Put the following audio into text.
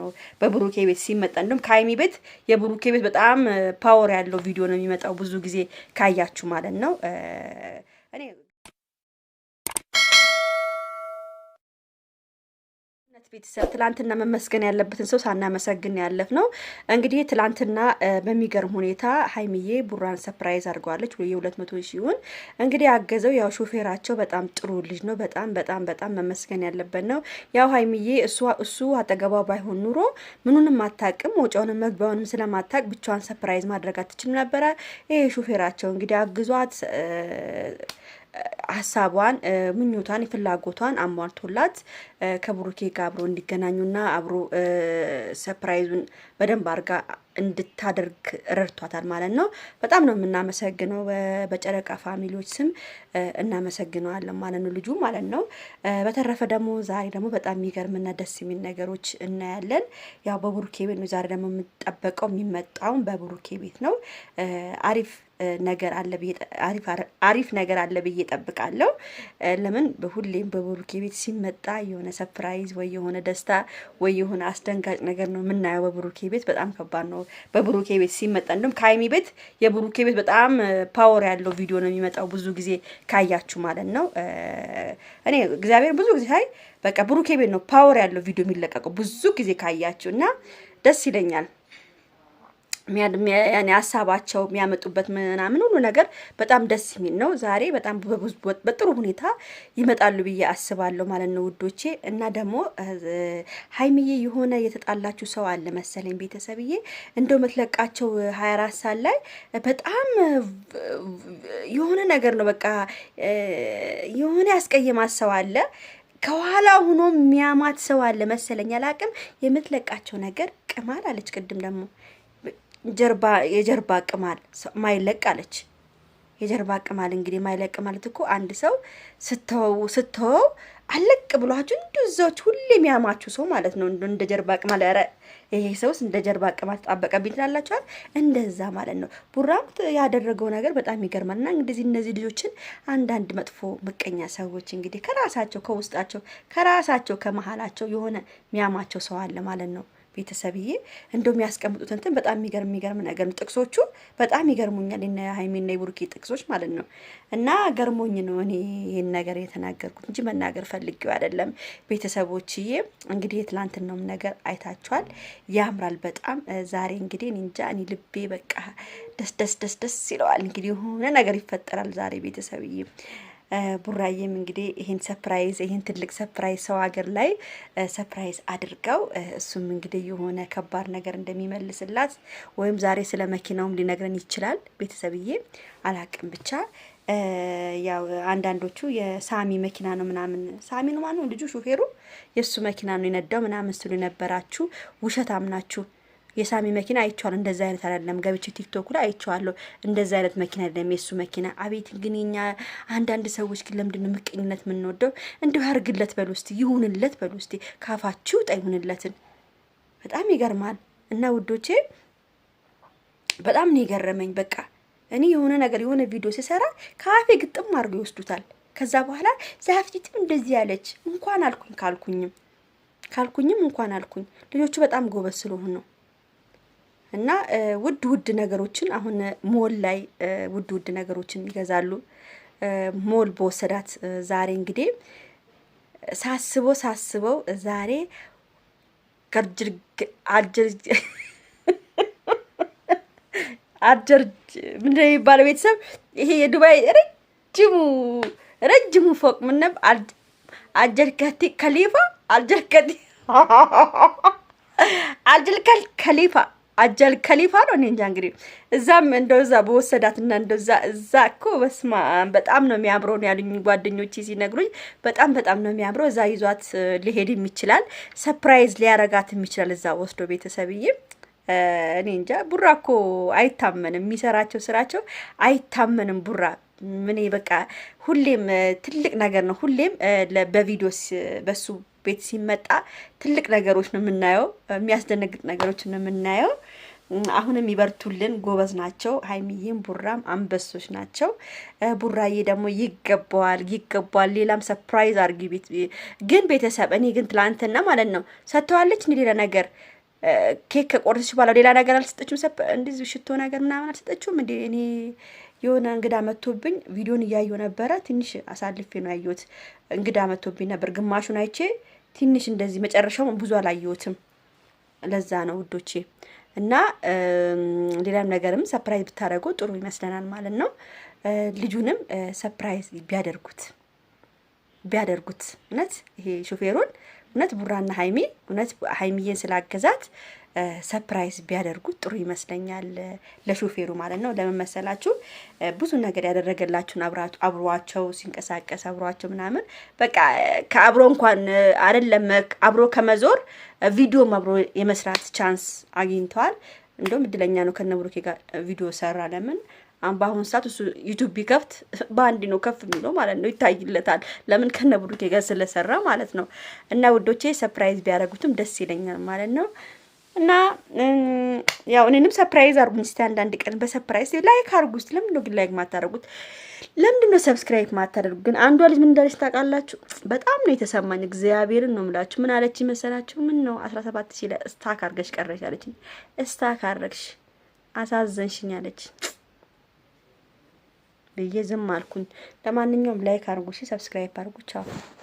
ነው በብሩኬ ቤት ሲመጣ እንደውም ከሀይሚ ቤት የብሩኬ ቤት በጣም ፓወር ያለው ቪዲዮ ነው የሚመጣው። ብዙ ጊዜ ካያችሁ ማለት ነው እኔ ቤተሰብ ትላንትና መመስገን ያለበትን ሰው ሳናመሰግን ያለፍ ነው። እንግዲህ ትላንትና በሚገርም ሁኔታ ሀይሚዬ ቡራን ሰፕራይዝ አድርገዋለች። የሁለት መቶ ሲሆን እንግዲህ ያገዘው ያው ሾፌራቸው በጣም ጥሩ ልጅ ነው። በጣም በጣም በጣም መመስገን ያለበት ነው። ያው ሀይሚዬ እሱ አጠገቧ ባይሆን ኑሮ ምኑንም አታቅም፣ መውጫውንም መግቢያውንም ስለማታቅ ብቻዋን ሰፕራይዝ ማድረግ አትችልም ነበረ። ይሄ ሾፌራቸው እንግዲህ አግዟት ሀሳቧን ምኞቷን የፍላጎቷን አሟልቶላት ከብሩኬ ጋር አብሮ እንዲገናኙና አብሮ ሰፕራይዙን በደንብ አርጋ እንድታደርግ ረድቷታል ማለት ነው። በጣም ነው የምናመሰግነው። በጨረቃ ፋሚሊዎች ስም እናመሰግነዋለን ማለት ነው፣ ልጁ ማለት ነው። በተረፈ ደግሞ ዛሬ ደግሞ በጣም የሚገርምና ደስ የሚል ነገሮች እናያለን። ያው በቡሩኬ ቤት ነው ዛሬ ደግሞ የምጠበቀው የሚመጣውን በቡሩኬ ቤት ነው አሪፍ ነገር አለ ብዬ አሪፍ ነገር አለ ብዬ ጠብቃለሁ። ለምን ሁሌም በብሩኬ ቤት ሲመጣ የሆነ ሰፕራይዝ ወይ የሆነ ደስታ ወይ የሆነ አስደንጋጭ ነገር ነው የምናየው በብሩኬ ቤት። በጣም ከባድ ነው በብሩኬ ቤት ሲመጣ እንዲሁም ከሀይሚ ቤት የብሩኬ ቤት በጣም ፓወር ያለው ቪዲዮ ነው የሚመጣው ብዙ ጊዜ ካያችሁ ማለት ነው። እኔ እግዚአብሔር ብዙ ጊዜ ሳይ በቃ ብሩኬ ቤት ነው ፓወር ያለው ቪዲዮ የሚለቀቀው ብዙ ጊዜ ካያችሁ እና ደስ ይለኛል። ያኔ ሀሳባቸው የሚያመጡበት ምናምን ሁሉ ነገር በጣም ደስ የሚል ነው። ዛሬ በጣም በጥሩ ሁኔታ ይመጣሉ ብዬ አስባለሁ ማለት ነው ውዶቼ። እና ደግሞ ሀይሚዬ የሆነ የተጣላችሁ ሰው አለ መሰለኝ ቤተሰብዬ፣ እንደው የምትለቃቸው ሀያ አራት ሰዓት ላይ በጣም የሆነ ነገር ነው በቃ የሆነ ያስቀየማት ሰው አለ ከኋላ ሁኖ የሚያማት ሰው አለ መሰለኝ አላቅም የምትለቃቸው ነገር ቅማል አለች ቅድም ደግሞ ጀርባ የጀርባ ቅማል ማይለቅ አለች። የጀርባ ቅማል እንግዲህ ማይለቅ ማለት እኮ አንድ ሰው ስተው ስትወው አለቅ ብሏችሁ እንዲሁ እዛዎች ሁሌ የሚያማችሁ ሰው ማለት ነው። እንደ ጀርባ ቅማል ረ ይሄ ሰውስ እንደ ጀርባ ቅማል ተጣበቀብኝ ትላላችኋል። እንደዛ ማለት ነው። ቡራምት ያደረገው ነገር በጣም ይገርማል። እና እንግዲህ እነዚህ ልጆችን አንዳንድ መጥፎ ምቀኛ ሰዎች እንግዲህ ከራሳቸው ከውስጣቸው ከራሳቸው ከመሀላቸው የሆነ የሚያማቸው ሰው አለ ማለት ነው። ቤተሰብዬ እንደው የሚያስቀምጡት እንትን በጣም የሚገርም የሚገርም ነገር ነው። ጥቅሶቹ በጣም ይገርሙኛል፣ ና ሀይሜና የቡርኬ ጥቅሶች ማለት ነው። እና ገርሞኝ ነው እኔ ይህን ነገር የተናገርኩት እንጂ መናገር ፈልጌው አይደለም። ቤተሰቦችዬ እንግዲህ የትላንትናውም ነገር አይታችኋል፣ ያምራል በጣም ዛሬ እንግዲህ እንጃ እኔ ልቤ በቃ ደስ ደስ ደስ ደስ ይለዋል። እንግዲህ የሆነ ነገር ይፈጠራል ዛሬ ቤተሰብዬ ቡራዬም እንግዲህ ይህን ሰፕራይዝ ይህን ትልቅ ሰፕራይዝ ሰው ሀገር ላይ ሰፕራይዝ አድርገው እሱም እንግዲህ የሆነ ከባድ ነገር እንደሚመልስላት ወይም ዛሬ ስለ መኪናውም ሊነግረን ይችላል። ቤተሰብዬ አላቅም ብቻ ያው አንዳንዶቹ የሳሚ መኪና ነው ምናምን፣ ሳሚ ነው ማነው ልጁ ሹፌሩ፣ የእሱ መኪና ነው የነዳው ምናምን ስሉ የነበራችሁ ውሸታም ናችሁ። የሳሚ መኪና አይቼዋለሁ። እንደዛ አይነት አይደለም፣ ገብቼ ቲክቶክ ላይ አይቼዋለሁ። እንደዛ አይነት መኪና አይደለም የሱ መኪና። አቤት ግን የኛ አንዳንድ ሰዎች ግን ለምንድን ምቀኝነት የምንወደው? እንዲሁ ያርግለት በሉ እስቲ፣ ይሁንለት በሉ እስቲ፣ ካፋችሁ ውጣ ይሁንለትን። በጣም ይገርማል። እና ውዶቼ በጣም ነው የገረመኝ። በቃ እኔ የሆነ ነገር የሆነ ቪዲዮ ሲሰራ ከአፌ ግጥም አድርጎ ይወስዱታል። ከዛ በኋላ ዛፍቲትም እንደዚህ ያለች እንኳን አልኩኝ ካልኩኝም ካልኩኝም እንኳን አልኩኝ ልጆቹ በጣም ጎበዝ ስለሆኑ ነው። እና ውድ ውድ ነገሮችን አሁን ሞል ላይ ውድ ውድ ነገሮችን ይገዛሉ። ሞል በወሰዳት ዛሬ እንግዲህ ሳስበው ሳስበው ዛሬ አጀርጅ ምንድን ነው የሚባለው? ቤተሰብ ይሄ የዱባይ ረጅሙ ረጅሙ ፎቅ ምነብ አጀርከቲ ከሊፋ አልጀልከቲ አልጀልከል ከሊፋ አጃል ከሊፋ ነው። እኔ እንጃ እንግዲህ እዛም እንደዛ በወሰዳትና እንደዛ እዛ እኮ በስማ በጣም ነው የሚያምረው ነው ያሉኝ ጓደኞቼ ሲነግሩኝ፣ በጣም በጣም ነው የሚያምረው። እዛ ይዟት ሊሄድም ይችላል፣ ሰፕራይዝ ሊያረጋትም ይችላል። እዛ ወስዶ ቤተሰብዬ እኔ እንጃ ቡራ እኮ አይታመንም። የሚሰራቸው ስራቸው አይታመንም ቡራ ምን በቃ ሁሌም ትልቅ ነገር ነው። ሁሌም በቪዲዮ በሱ ቤት ሲመጣ ትልቅ ነገሮች ነው የምናየው፣ የሚያስደነግጥ ነገሮች ነው የምናየው። አሁንም ይበርቱልን፣ ጎበዝ ናቸው። ሀይሚዬም ቡራም አንበሶች ናቸው። ቡራዬ ደግሞ ይገባዋል፣ ይገባዋል። ሌላም ሰፕራይዝ አርጊ። ግን ቤተሰብ እኔ ግን ትላንትና ማለት ነው ሰጥተዋለች እንዲ ሌላ ነገር ኬክ ከቆረሰች በኋላ ሌላ ነገር አልሰጠችም። እንዲ ሽቶ ነገር ምናምን አልሰጠችውም እንዲ እኔ የሆነ እንግዳ መጥቶብኝ ቪዲዮን እያየሁ ነበረ። ትንሽ አሳልፌ ነው ያየሁት። እንግዳ መጥቶብኝ ነበር። ግማሹን አይቼ ትንሽ እንደዚህ መጨረሻውን ብዙ አላየሁትም። ለዛ ነው ውዶቼ። እና ሌላም ነገርም ሰፕራይዝ ብታደረጉ ጥሩ ይመስለናል ማለት ነው። ልጁንም ሰፕራይዝ ቢያደርጉት ቢያደርጉት እውነት ይሄ ሾፌሩን እውነት ቡራና ሀይሚ እውነት ሀይሚዬን ስላገዛት ሰፕራይዝ ቢያደርጉት ጥሩ ይመስለኛል። ለሾፌሩ ማለት ነው። ለመመሰላችሁ ብዙ ነገር ያደረገላችሁን አብሯቸው ሲንቀሳቀስ አብሯቸው ምናምን በቃ ከአብሮ እንኳን አይደለም አብሮ ከመዞር ቪዲዮም አብሮ የመስራት ቻንስ አግኝተዋል። እንደውም እድለኛ ነው ከነብሩኬ ጋር ቪዲዮ ሰራ። ለምን በአሁኑ ሰዓት እሱ ዩቱብ ቢከፍት በአንድ ነው ከፍ የሚለው ማለት ነው፣ ይታይለታል። ለምን ብሩኬ ጋር ስለሰራ ማለት ነው። እና ውዶቼ ሰፕራይዝ ቢያደርጉትም ደስ ይለኛል ማለት ነው እና ያው እኔንም ሰፕራይዝ አርጉኝ እስቲ አንዳንድ ቀን በሰፕራይዝ ላይክ አርጉ እስቲ። ለምንድን ነው ግን ላይክ ማታደርጉት? ለምንድን ነው ሰብስክራይብ ማታደርጉት? ግን አንዷ ልጅ ምን እንዳለች ታውቃላችሁ? በጣም ነው የተሰማኝ። እግዚአብሔርን ነው የምላችሁ። ምን አለች መሰላችሁ? ምን ነው 17 ሺህ ላይ ስታክ አርገሽ ቀረሽ አለች። ስታክ አረግሽ አሳዘንሽኝ አለች ብዬ ዝም አልኩኝ። ለማንኛውም ላይክ አርጉ፣ ሰብስክራይብ አርጉ። ቻው